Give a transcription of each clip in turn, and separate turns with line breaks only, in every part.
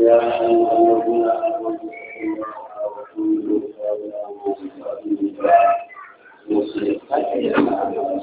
Thank you.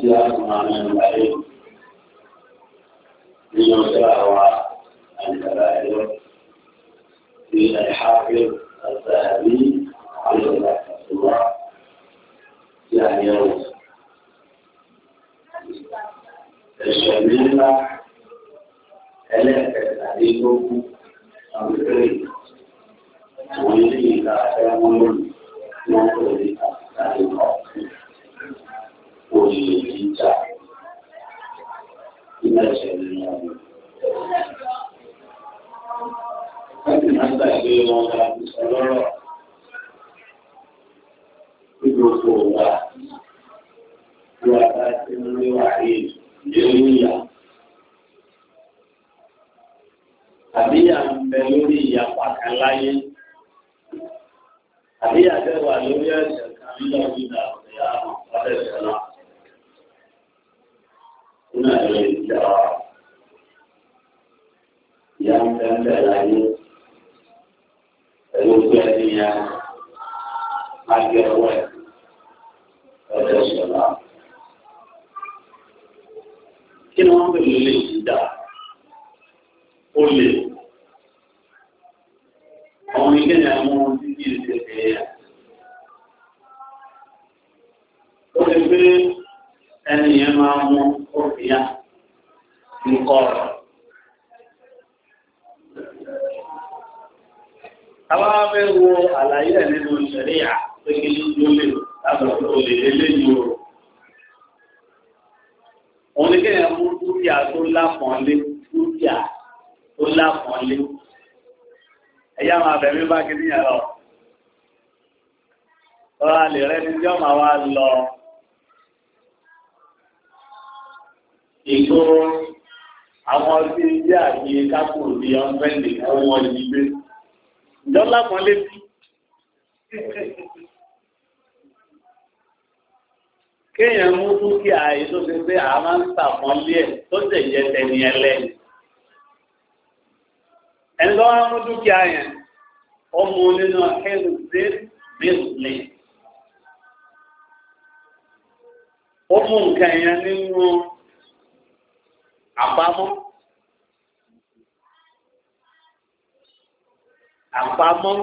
tí a fún àwọn ẹ̀rọ ayé nínú àwọn
Táwa fẹ́ wo àlàyé ẹ̀ nínú ìṣẹ̀lẹ̀yà pé kí ló ló lè lábàtò lè lélẹ́yìn o. Òun ni kéèyàn mú dúkìá tó lápọ̀nlé dúkìá tó lápọ̀nlé. Ẹ̀yà máa bẹ̀rẹ̀ bá kí níyàn lọ. Ọ̀rọ̀ àlè rẹ ni jọ́ wá lọ. Ìgboro àwọn ọdún ilé àti kápò ní ọ̀fẹ́ nìkan wọ́n jọ́lá kan létí. kéèyàn mú dúkìá yìí tó ṣe pé a máa ń sàpọ́nlé ẹ̀ tó sì yẹ tẹ̀lé ẹ lẹ́yìn. ẹni tó wá mú dúkìá yẹn ọmọ nínú ẹnu dé bísílẹ̀. ó mú nǹkan yẹn nínú àbámọ́. àpamọ́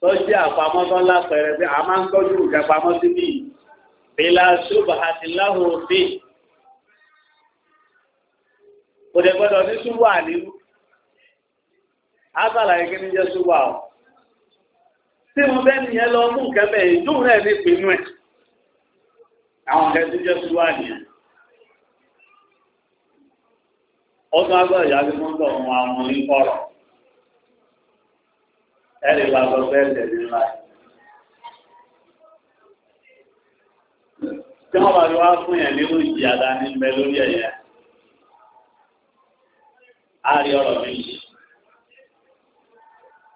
tó jẹ́ àpamọ́ tó ńlá pẹ̀rẹ̀ pé a máa ń tọ́jú ìjà pamọ́ síbí bílá ṣùgbà àti láhùn bí kò dẹ̀ gbọ́dọ̀ ní ṣùgbà nínú ásàlà yìí kí ni jẹ́ ṣùgbà ọ̀ tí mo bẹ́ nìyẹn lọ mú nǹkan bẹ́ẹ̀ ìdúró rẹ̀ ní ìpinnu ẹ̀ àwọn nǹkan tí jẹ́ ṣùgbà nìyẹn ọdún agbára ìyá ló ń àwọn oníkọ̀rọ̀. ẹ̀rì wa lọ bẹ́ẹ̀ tẹ̀lé tí wọ́n bá rí wá fún yẹn nínú ìjìyà dání ń bẹ lórí ẹ̀yẹ á rí ọ̀rọ̀ méjì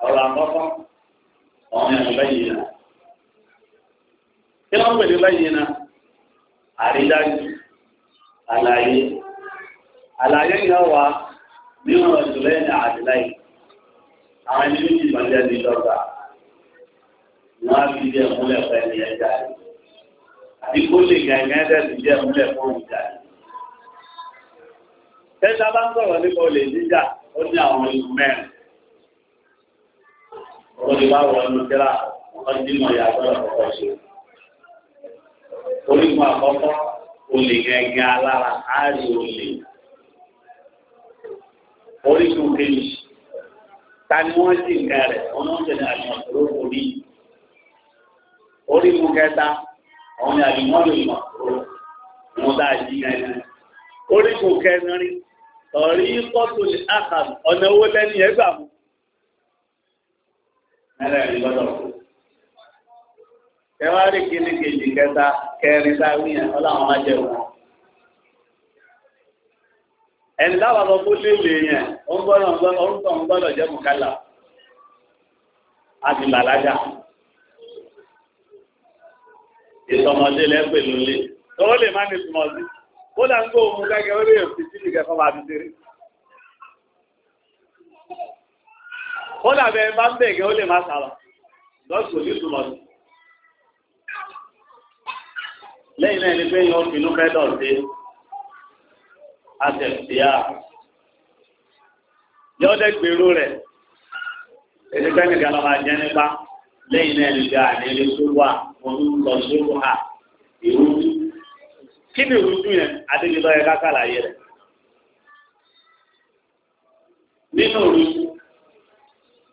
ọ̀rọ̀ àkọ́kọ́ ọ̀hún ẹ̀rọ bẹ́yìí náà kí wọ́n pèlè bẹ́yìí náà àrídájú àlàyé àlàyé yẹn nínú àwọn ẹni méjì máa jẹ́ ní dọ́gba wọ́n á fi jẹ́ múlẹ̀ fún ẹni ẹ̀ jáde àbí kó lè gàngán ẹ̀ tẹ̀sí jẹ́ múlẹ̀ fún òun jáde. tẹ́sà bá ń sọ̀rọ̀ nípa olè jíjà ó ní àwọn ìlú mẹ́rin
wọ́n ti bá wọ inú
kíra wọ́n ti mọ̀ yàtọ̀ ọ̀pọ̀ ṣe. orígun àkọ́kọ́ olè gàngán alára á rí olè. orígun kejì tani wọ́n sì ń kẹrẹ wọ́n ń tẹ̀lé àlùmọ̀tòrò orí orí mu kẹta àwọn ni àlùmọ̀tòrò ìmọ̀tòrò wọn bá yí ẹni orí mu kẹrin tọ̀rí kọ́tù ní àkàm ọ̀nà owó lẹ́ni ẹgbà mú. Ẹ̀rẹ́ rí gbọ́dọ̀ kú. Kẹwàá rí kíní kejì kẹta kẹrin sáwìn ẹ̀ ọlọ́run á jẹ ẹni láwọn ọmọ kó lélẹ̀ yẹn ó ń gbọ́dọ̀ orúkọ ń gbọ́dọ̀ jẹ́ mùkálà àti làlájà ìtọmọdé lẹ́pẹ̀ lólé tọ́wọ́ lè má ní ìtumọ̀ sí ó là ń gbọ́ ohun gẹ́gẹ́ orí òfin sí ìgbẹ́ fọmọ àbíjẹ́rí ó làbẹ̀ bá ń bẹ̀gẹ́ ó lè má sára lọ́sùn ní ìtumọ̀ sí lẹ́yìn náà ni pé yọ ọ́fìnú fẹ́ dọ̀ àtẹ̀síà yọ́dẹ̀ gbèrú rẹ̀ èdè kẹ́míkà lọ́wọ́ ajẹ́ nípa lẹ́yìn náà nígbà ànílé sóbà wọn ń lọ sóbà ìrújú kí ni ìrújú yẹn adéjọba yẹ kákàlà yẹ rẹ̀ nínú ìrújú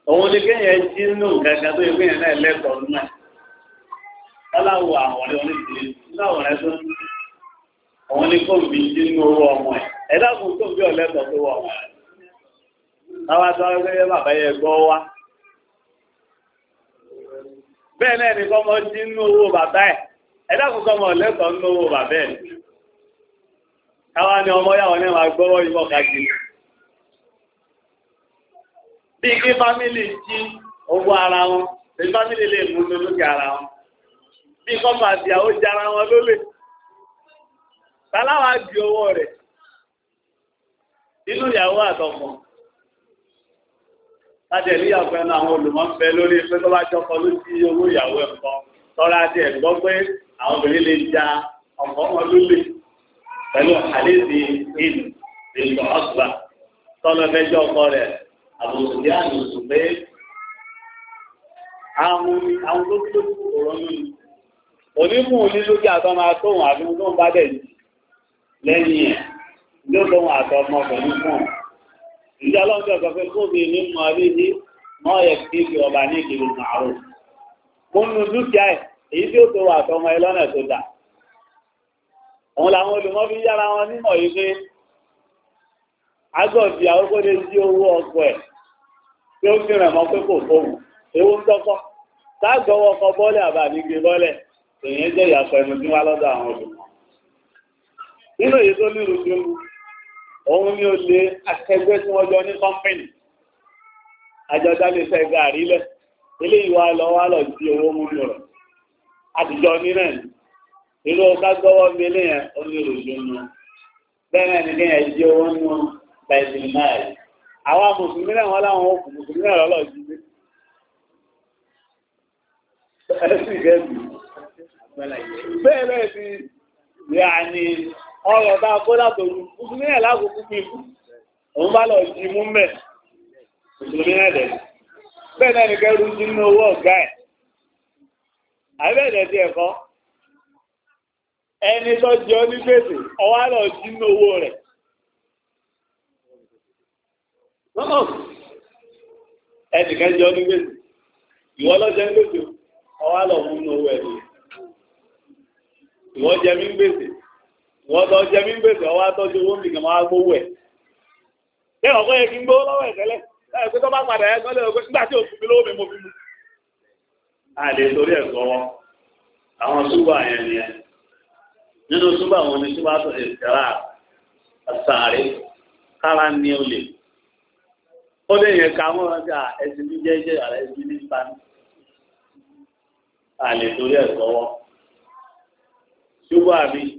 òun ni kéèyàn jí nínú gàgà tó yẹ kéèyàn náà lẹ́tọ̀ọ́ náà ọláwọ àwọn ọ̀rẹ́ oníṣìírí nínú àwọn ọ̀rẹ́ tó ń òun ni kò ń bí jí nínú owó ọmọ ẹ̀ ẹ̀dá kò tó bí ọ̀lẹ́tọ̀ tó wọ̀ àwọn àti wọn gbé bàbá yẹn gbọ́ wá bẹ́ẹ̀ náà ni kọ́mọ dín ní owó bàbá ẹ̀ ẹ̀dá kò kọ́mọ ọ̀lẹ́tọ̀ ní owó bàbá ẹ̀ káwá ni ọmọ yàwó ní ma gbọ́wọ́ ìwọ kájí bí kí fámìlì jí owó ara wọn bí fámìlì lè mú lókè ara wọn bí kọ́mọ àti àwọn jara wọn lólè tàláwà di owó rẹ̀ inú ìyàwó àtọmọ láti ẹ̀lú ìyàwó ẹnu àwọn olùmọ̀ọ́fẹ́ lórí pé tó bá jọkọ ló sí owó ìyàwó ẹ̀kọ́ tọ́ra àti ẹ̀gbọ́ pé àwọn obìnrin lè ja ọ̀pọ̀ wọn lólè pẹ̀lú àléébì in ìlú ọ̀gbà tọ́lọ fẹ́jọ́ ọkọ rẹ̀ àbòsùnjẹ́ àbòsùn pé àwọn àwọn lókùlókù ọ̀rọ̀ nínú onímù onílókè àtọ́mọ àtọ́hùn àbí wọn tó ń bá dẹ̀ lẹ́yìn ẹ̀ ló lóun àtọmọkùnrin fún ìjọ ọlọ́dún ọ̀sán pé kóbi ní mọ rí ní mọ yẹ kí kí ọba ní ìkiri màrún mo nu dúkìá ẹ èyí tí ó tó wà àtọmọ ẹ lọ́nà tó dà òun làwọn olùmọ́ fi yára wọn nímọ̀ yìí pé agbọ̀dì àwòkọ́dé sí owó ọkọ̀ ẹ̀ tí ó fi rẹ̀ pé kò fóun ewu ń tọ́kọ́ tágbọ́wọ́ ọkọ̀ bọ́ọ̀lẹ̀ àbàdígbé bọ́ọ̀lẹ̀ èyí jẹ́ ìyàpẹ̀nu tí wá lọ́dọ̀ àwọn olùmọ̀ nínú èyí tó nírú tí mú òun ni ó lé akẹgbẹ́ tí wọ́n jọ ní kọ́mpìnì àjọdá lè fẹ́ gàrí lẹ̀ eléyìí wá lọ wá lọ di owó mú lọ̀rọ̀ àtijọ́ ní náà irú ọ̀ká gbọ́wọ́ mi léyìn ó ní òṣèlú bẹ́ẹ̀ ni kéèyàn jí owó nù bẹ́ẹ̀ náà àwọn mùsùlùmí náà wọ́n láwọn òkú mùsùlùmí náà lọ́lọ́ jí dé bẹ́ẹ̀ bẹ́ẹ̀ ti yà ní ọrọ̀ bá kó tó ní kúkúrú ní lákòókú fi kú òun bá lọ jí mú mẹ́ ìṣòro náà dẹ̀ bẹ́ẹ̀ náà nìkan rú owó ọ̀gá ẹ̀ àbẹ́ẹ̀dẹ̀ tí ẹ̀kọ́ ẹni tó ọ ní gbèsè ọwá lọ jí ẹnìkan jẹ ọ gbèsè ìwọ lọ́jẹ́ ń gbèsè ọwá lọ mú nínú owó mí gbèsè wọ́n lọ jẹ mí gbèsè ọwọ́ atọ́jú owó nìkan máa gbówó ẹ̀. ṣé ọ̀pọ̀ yẹ kí n gbówó lọ́wọ́ ẹ̀ tẹ́lẹ̀ ẹ̀ pé tó bá padà ẹ̀ gbọ́dọ̀ ẹ̀ pé nígbà tí òkú mi lówó mi mo fi mu. a lè torí ẹ̀ sọ wọn àwọn súbà yẹn ni ẹ nínú súbà wọn ni súbà tó lè tẹ̀ra àsàárẹ̀ kára ní olè. ó lè yẹ ká mọ́ ọ́n ká ẹ̀sìn mi jẹ́jẹ́ àrẹ ẹ̀sìn mi pa ní. a torí ẹ̀ sọ wọn súbà bíi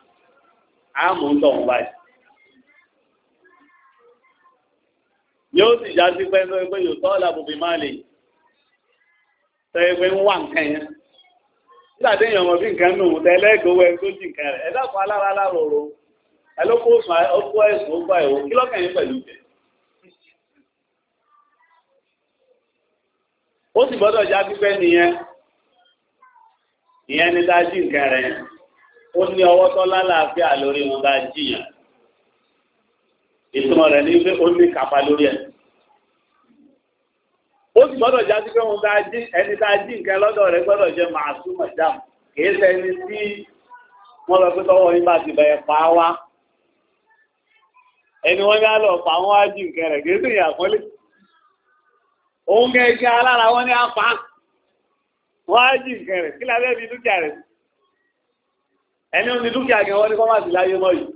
àmú ń tọ̀hún báyìí. yóò sì já sí pẹ́ńtọ́ pé yóò tọ́ làbùbí máa lè tẹ́ pé ń wà nǹkan yẹn. nígbà tí èèyàn mọ̀ bí nǹkan nù tẹ́lẹ̀ gbowó ẹ tó jì nǹkan rẹ̀ ẹ dákun alára aláàrọ̀ ẹ ló kó sùn ọkọ ẹ̀sùn ó ìwò kí lọ́kàn yín pẹ̀lú jẹ. ó sì gbọ́dọ̀ já sí pẹ́ nìyẹn ìyẹn ni dájú nǹkan rẹ̀ yẹn ó ní ọwọ́ tó lálàáfíà lórí wọn bá jiyàn ìtumọ̀ rẹ̀ ní pé ó ní kápá lórí ẹ̀ ó sì gbọ́dọ̀ já sí pé wọn bá jí ẹni tá a jí nǹkan lọ́dọ̀ rẹ̀ gbọ́dọ̀ jẹ́ màásùmọ̀ dáàmù kìí sẹ́ni tí wọ́n lọ pé tọwọ́ yín bá ti bẹ̀rẹ̀ pa á wá ẹni wọ́n yá lọ pa wọ́n á jí nǹkan rẹ̀ kìí sèyàn àpọ́lé òun kẹ́ ẹ̀ṣẹ́ alára wọn ní apá wọ́n á jí nǹkan rẹ̀ kí ẹni ní dúkìá gan wọ́n ní kọ́ máa sì láyé mọ́ yìí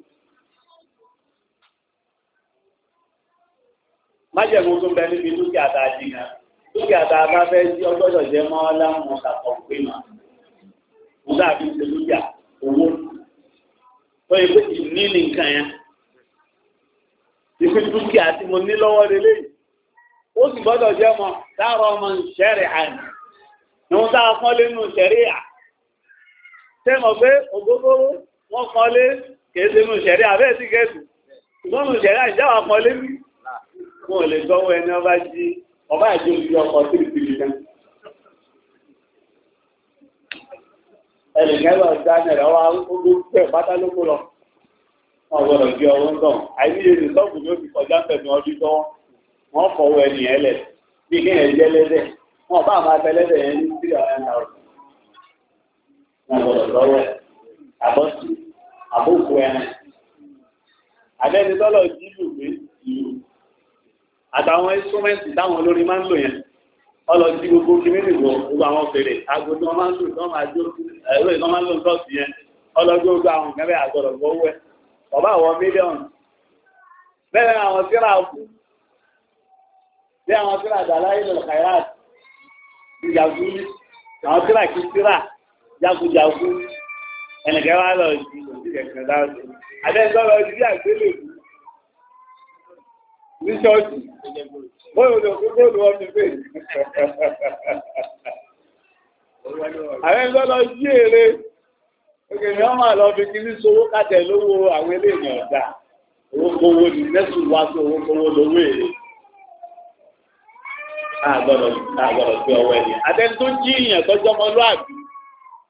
májẹ̀mú tó ń bẹ níbi dúkìá tá a jí gan dúkìá tá a bá fẹ́ sí ọgbọ́dọ̀ jẹ́ mọ́ láwọn kàtọ̀ pé mà mo dàbí ṣe dúkìá owó tó yẹ pé ìní ní nǹkan yẹn ìpín dúkìá tí mo ní lọ́wọ́ lélẹ́yìí ó sì gbọ́dọ̀ jẹ́ mọ́ dáàrọ̀ ọmọ ìṣẹ́rẹ̀ àná ni wọ́n tá fọ́n lẹ́nu ìṣẹ́rẹ̀ àná tẹ́mọ̀ pé ògógóró wọ́n kọlé kèése mú ìṣẹ̀rí àbẹ́ sí gẹ̀ẹ́sù ṣùgbọ́n ìṣẹ̀rí àìjáwà kọlé mí wọn lè gbọ́wọ́ ẹni ọba jí ọba ìjọ ìjọ ọkọ̀ sí ìpìlì náà ẹlẹ́gbẹ̀rún ọjà jẹ́ lẹ́dẹ̀ wọn bá máa tẹ lẹ́dẹ̀ yẹn ní sílẹ̀ ọ̀rẹ́ wọn gbọ́dọ̀ lọ́wọ́ ẹ̀ àbọ̀sí àbókù ẹ̀rìn àbẹ́ni tọ́lọ̀ jílù pé ìlú àtàwọn instrumenti táwọn olórí máa ń lò yẹn ọlọ jí gbogbo kìíní nìgbò gbogbo àwọn fèrè aago tí wọ́n máa ń lò tí wọ́n máa jó ẹ̀rọ ìtọ́ máa ń lò ń tọ́sí yẹn ọlọ́gbé gbogbo àwọn nǹkan bẹ́ẹ̀ àgọ́dọ̀ gbọ́wọ́ ẹ̀ ọba àwọn mílíọ̀nù bẹ́ẹ̀ àwọn síra kú bí àwọn síra dàlá ìlú kàyà àti ìyàgúlí àwọn síra kìí síra jagunjagun ẹnìkẹ́ wá lọ sí òṣìṣẹ́ kan láti àbẹ́ńtọ́ lọ sí
àgbélé ní ṣọ́ọ̀ṣì
bóyá ló kó bóyá wọ́n ti fèé àbẹ́ńtọ́ lọ sí èrè òkè ní ọmọ àlọ́ fi kiri sowó kàtẹ́ lówó àwọn eléyìí ọ̀dà owó kówó ní nẹ́sùn wá sí owó kówó lówó èrè
àgbọ̀dọ̀ fi ọwọ́ ẹ̀yìn
àtẹ́ni tó jí ìyàn tọ́jọ́ ọmọlúwàbí.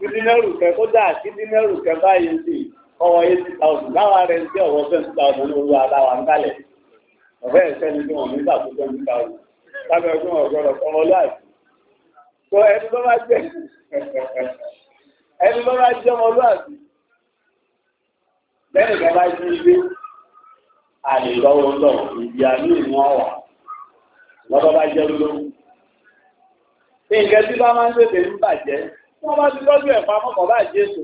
dídínẹ́rù kẹ kódà sí dínẹ́rù kẹ báyìí sí ọwọ́ eighty thousand láwa rẹ̀ sí ọwọ́ twenty thousand owó aláwa ń kalẹ̀ ọ̀fẹ́ ìṣẹ́ni tí wọ́n nígbà tó twenty thousand lábẹ́ ọdún ọ̀gọ́rọ̀ ọmọ láti tó ẹni tó bá jẹ́ ẹni tó bá jẹ́ ọmọ láti lẹ́yìn kan bá jí ilé àlè lọ́wọ́ lọ ìdí àmì ìwọ̀n wà lọ́dọ́ jẹ́ lórí. nǹkan tí bá máa ń tètè ń bàjẹ́ wọ́n bá ti lọ́jọ́ ẹ̀fà mọ́kọ̀ bá jésù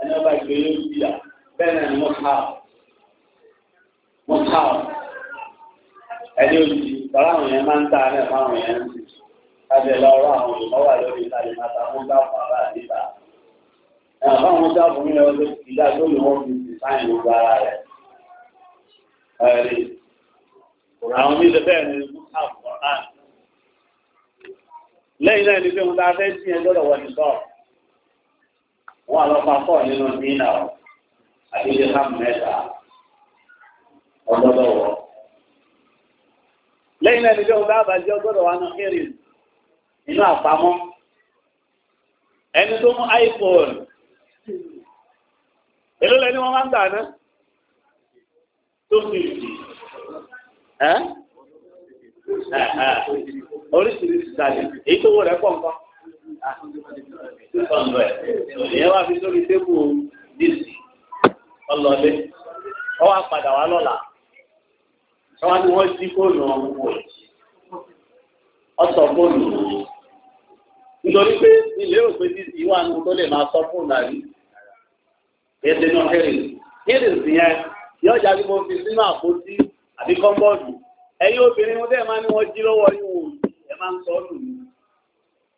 ẹni ọba ìgbé yóò fi yà bẹ́ẹ̀ ni wọ́n
ẹni òjì tọ́lá àwọn yẹn máa ń tà
ní ẹ̀fà àwọn yẹn ń sì kájẹ lọ ọ̀rọ̀ àwọn olùkọ́ wà lórí ìtàlẹ̀ máta fún dáàbò àbá àdìbà ẹ̀fà àwọn dáàbò mi lọ́wọ́ ti dá tó lè fi sì sáyìn gbogbo ara rẹ̀ ẹ̀rí àwọn oníṣẹ́ bẹ́ẹ̀ ni lẹ́yìn náà ní pé mo ta fẹ́ sí ẹ lọ́dọ̀ wọ́n ti sọ
wọn àlọ́ pa pọ̀ nínú dínà ọ àdéhùn hàm mẹ́ta ọlọ́dọ̀
wọ. lẹ́yìn náà ni pé mo ta bá jẹ́ ọgọ́dọ̀ wa náà kéré nínú àpamọ́ ẹni tó mú iPhone èló lẹni wọn máa ń gbà náà tó fi ẹ. oríṣiríṣi jáde èyí tó wọ rẹ pọ̀ nǹkan. ìyẹn wá fi sórí tébù díìsì ọlọ́lé ọwọ́ àpàdà wà lọ́la ọwọ́ ni wọ́n jí fóònù ọ̀hún wò ọ̀sọ̀ fóònù nítorí pé ilé wà tó lè máa ẹ̀yin obìnrin wọn tẹ́ẹ̀ máa ní wọ́n jí lọ́wọ́ ìwò ẹ máa ń sọ ọ́ lùmí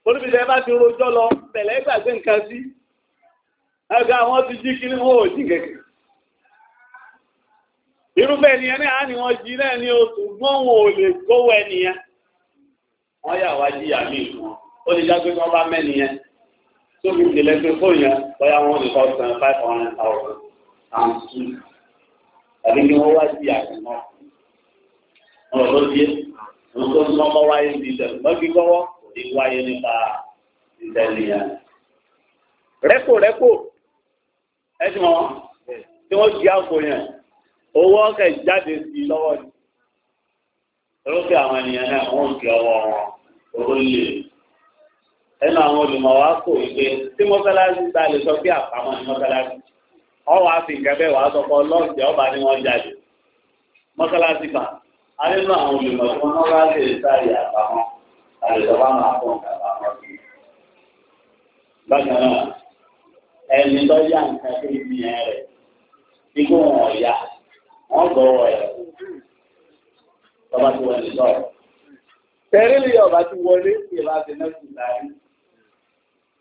olùbìsẹ̀ bá ti rojọ́ lọ pẹ̀lẹ́ gbàgbé nǹkan sí ẹgbẹ́ àwọn ti jí kí ní wọ́n ò jí kẹ̀kẹ́ irúfẹ́ ènìyàn náà ni wọ́n jí náà ní oṣù gbọ́n wọn ò lè gbówó ènìyàn wọ́n yà wá jí àmì ìwọ̀n ó lè jágbé wọn bá mẹ́niyàn tó fi tẹ̀lé pé fóònù yẹn bóyá wọn lè kọ́ san five hundred thousand and two tàbí kí wọ́n wá jí àmì náà ọ̀rọ̀ ló di gbogbo nǹkan mọ́ wáyé ní ìtẹ̀lẹ̀ mọ́bí gbọ́wọ́ kò ní wáyé nípa ìtẹ̀lẹ̀ yẹn. rẹ́pò rẹ́pò ẹ ti mọ̀ tí wọ́n di àpò yẹn owó ọ̀kẹ́ jáde sí i lọ́wọ́ ni. lókè àwọn ènìyàn náà wọ́n fi ọwọ́ wọn owó lè. ẹnu àwọn tí mọ́sálásí ta lè sọ bí àpamọ́ ní mọ́sálásí nǹkan bẹ́ẹ̀ sọ fọ́ lọ́ọ̀sì ọba ni wọ́n jáde mọ́sálásí alẹ́nu àwọn olùmọ̀ tí wọ́n bá lè sáré
àpamọ́ àlèlọ́wọ́ máa fọ́n àpamọ́ sí i. bákan náà ẹni tó yá nǹkan tó ibi yẹn rẹ̀ igbó wọn ọ̀yà
wọ́n gbọ́wọ́ ẹ̀ tọ́ba ti wọlé sọ̀rọ̀. tẹ̀rí ni ọba ti wọlé sí ìlà àti mẹ́sì sáré.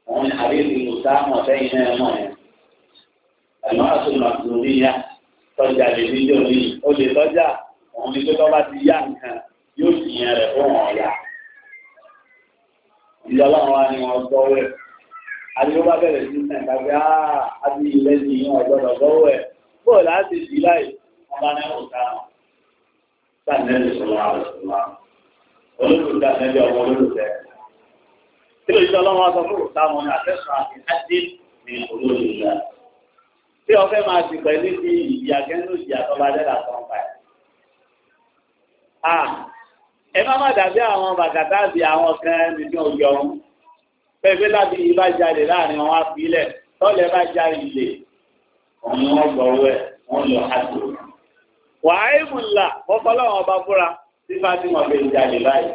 wọ́n ní àríyìn ìlú
sáàmù ọ̀sẹ́yìn náà mọ̀ ẹ̀. ẹ̀mọ́ àti màtúndínlá tọ́jà lè ní òun ni pé tọ́ba ti yá nǹkan yóò sì yẹn rẹ̀ fún wọn ọ̀la. ìyá ọlọ́run wa ni wọ́n gbọ́ wẹ̀. àdúgbò bá bẹ̀rẹ̀ sí sẹ́ǹ tàbí á ti ilé ní ìyẹn gbọ́ wẹ̀. bó láti di láì wọn bá ní òkà náà. sàǹdẹ́lì sọ̀rọ̀ àwọn ìṣòro olólùfẹ́ àtẹ́jọ́ ọmọ olólùfẹ́. kí ló ìjọ ọlọ́run wa sọ fún òkà wọn àtẹ́sùn àti ájí ní ẹ má má dàbí àwọn bàtàtà àti àwọn kan nìkan òjò ọ̀hún pẹ̀lú láti ibà jáde láàrin wọn á fi ilẹ̀ tọ́lẹ̀ bá já ilé ọ̀nà wọn gbọ̀wọ́ ẹ̀ wọ́n lọ àjò. wàá ìmùlà fọ́fọ́lọ́wọ́n ọba fúra tí fatima bẹ́ẹ̀ jáde báyìí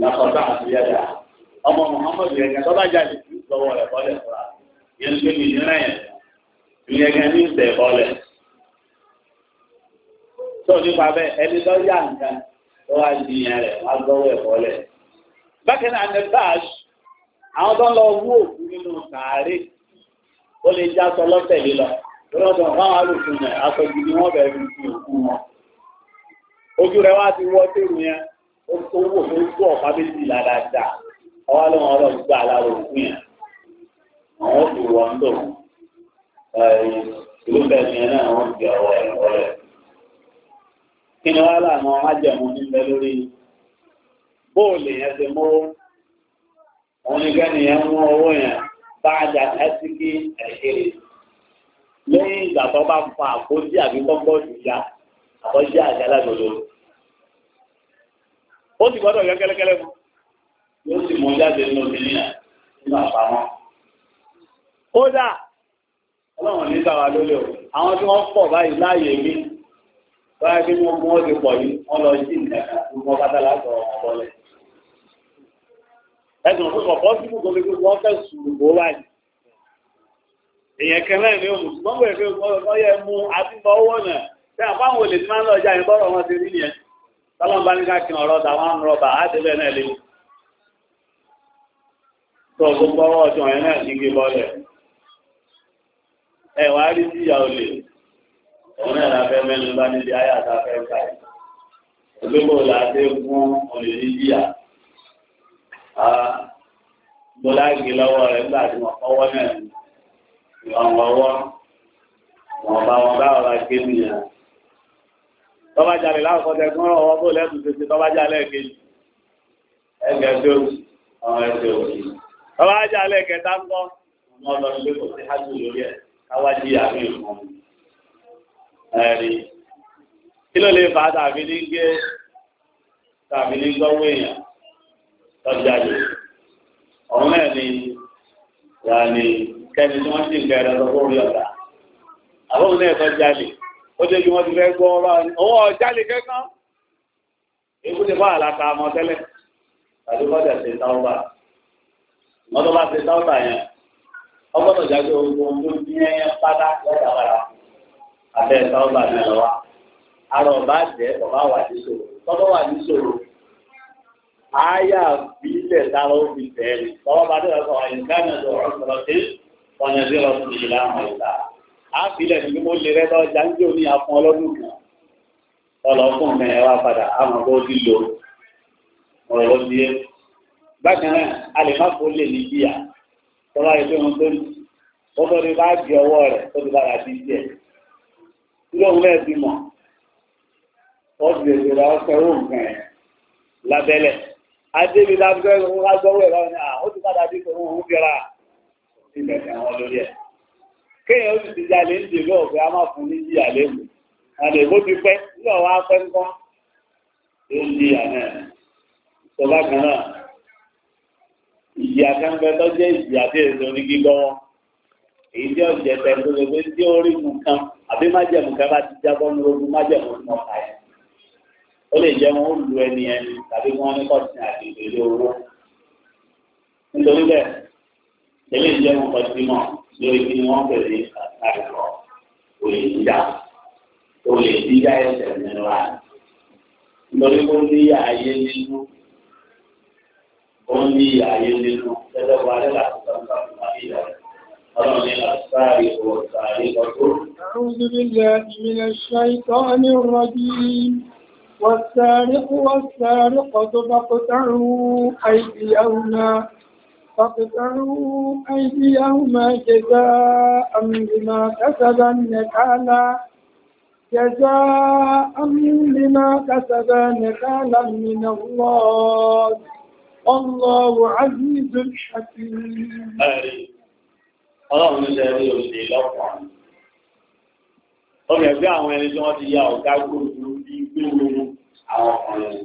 lakọta àtúnyẹ̀dá ọmọ muhammad yẹn tó bá
jáde lọ́wọ́ rẹ̀ bọ́lẹ̀ fúra yẹn tó ní ìdílé yẹn ìyẹn ní tó nípa bẹ́ẹ̀ ẹni lọ yá nǹkan tó wá di yẹn rẹ̀ wá gbọ́wọ́ ẹ̀kọ́ lẹ̀. bákan náà ní báàṣ àwọn tó ń lọ wú òkú nínú sàárè ó lè já sọ lọ́tẹ̀lé lọ lọ́dọ̀ fáwọn alùpùpù náà aṣojú ni wọ́n bẹ̀rẹ̀ fi òkú wọn. ojú rẹ̀ wá ti wọ́ tèrú yẹn ó tó wò ó tó ọ̀pá méjì ládàáda ọwọ́ ló wọn lọ gbà lára òkú yẹn àwọn òkú kí ni wá láàmọ́ ájẹ̀mú nílẹ̀ lórí bóòlù yẹn ti mú onígbẹ́ni yẹn mú owó yẹn bá ajá ẹ́sìkì ẹ̀ṣẹ̀rẹ̀ lẹ́yìn ìgbà tó bá fa àkójì àbí kọ́kọ́ ìjà àkọ́jì àjà lágbòdo ó sì gbọ́dọ̀ yọ kẹ́lẹ́kẹ́lẹ́ mu yóò sì mú jáde nínú obìnrin yẹn nínú àpamọ́ kódà ọlọ́run ní sáwà lólè o àwọn tí wọ́n pọ̀ báyìí láàyè mi. báyìí bí wọ́n mú ọ́dẹ pọ̀ yìí wọ́n lọ sí ìdáná tó mọ́ bàtà látọ̀ ọ̀hún bọ́lẹ̀. ẹ̀sùn fún kọ̀kọ́ sí gbogbo fẹ́ èèyàn ní o yẹ mú owó náà olè máa ń lọ wọn ti rí yẹn. ní ká ń á òun náà la fẹ́ mẹ́nu bá níbi ayà tá a fẹ́ ká yìí olóko la ṣe fún olùdí jìyà bọ́lá gé lọ́wọ́ rẹ̀ nígbà tí wọ́n kọ́wọ́ náà ìwọ̀n ọwọ́
wọn bá wọn bá ọ̀rọ̀ gé nìyà
tọ́ba jalè láàkọ́ tẹ kí wọ́n ọwọ́ bó lẹ́tù tètè tọ́ba jalè kejì ẹgbẹ́ tó ọmọ ẹgbẹ́ òkè tọ́ba jalè kẹta ń bọ́ ọmọ ọlọ́run lé kò sí hájú lórí ẹ̀ káwájú àmì ìfọ̀n mi ẹ̀rí kí ló lè fà á tàbí ní gé tàbí ní gbọ́wọ́ èèyàn lọ́jà lè ọ̀hún náà ni yàní kẹ́ni tí wọ́n ti ń kẹ́rẹ́ lọ́wọ́ orí ọ̀dà àbọ̀hún náà tó jalè ó dé bí wọ́n ti fẹ́ gbọ́ ọ̀rọ̀ owó ọ̀jalè kankan èkó ti fọ́ àlàkà ọmọ tẹ́lẹ̀ tàbí kọ́ tẹ̀sí táwọ́bà mọ́tò bá ti táwọ́bà yẹn ọgbọ́dọ̀ jáde ogun tó ní abẹ́ sáwọ́bà ní ọ̀wá ara ọba jẹ́ ọba wà ní sòrò tọ́bọ̀ wà ní sòrò àyà bílẹ̀ táwọn òbí bẹ̀rẹ̀ tọ́wọ́ bá dẹ̀ sọ àyíkáná tó ọ̀rọ̀ sọ̀rọ̀ sí ọ̀nà tí wọ́n ti yìí láwọn ìta á bílẹ̀ ní mo lè rẹ́ lọ́jà ń jò ní afún ọlọ́dún kan ọlọ́ fún mi ẹ wá padà àwọn ọgbọ́n ti lò ọ̀rọ̀ ló di é náà a lè má kó lè ní bíyà tọ́wọ́ àyè pé wọ́n tó ní wọ́n tó ní bá di ọwọ́ rẹ̀ tó ti bára bí díẹ̀ lóhun ọdún ìrora ọ̀sẹ̀ nǹkan lábẹ́lẹ̀ adébí lábẹ́ ni ó ti padà bí òun òun fẹ́ra ìbẹ̀rẹ̀ àwọn lórí ẹ̀ kéèyàn ó sì ti jalè ń dèlú ọ̀fẹ́ a máa fún ní jí àlẹ́ mu àlè bó ti pẹ́ ní ọ̀wá pẹ́ ń kán ló ń di àná ẹ̀ sọ bákan náà ìjì àkànfẹ́ tó jẹ́ ìjì àti èso èyí tí ọ̀jẹ̀ pẹ̀lú ẹgbẹ́ tí ó rí mu kan àbí májẹ̀mú kan bá ti jábọ́ ní ogun májẹ̀mú ní ọ̀tá yẹn. ó lè jẹ́ wọn ó lu ẹni ẹni tàbí wọn ní kọ́sìn àgbègbè lé owó. nítorí bẹ́ẹ̀ ilé ìjẹ́ wọn kọ́ sí mọ̀ lórí kí wọ́n bẹ̀rẹ̀ àtàkọ́ olè jíjà olè jíjà ẹsẹ̀ mẹ́wàá. nítorí kó ní ààyè nínú
ó ní ààyè nínú tẹ́lẹ̀ wọlé láti sọ̀rọ̀ أعوذ
بالله من الشيطان الرجيم والسارق والسارقة فاقطعوا أيديهما فاقطعوا أيديهما جزاء بما كسبا نكالا جزاء بما كسبا نكالا من الله والله عزيز حكيم
ọlọ́run ló ṣe rí òṣè lọ́pọ̀ ọmọ ẹgbẹ́ àwọn ẹni tí wọ́n ti ya ọ̀gá gbòòrò bí gbòòrò àwọn ọkùnrin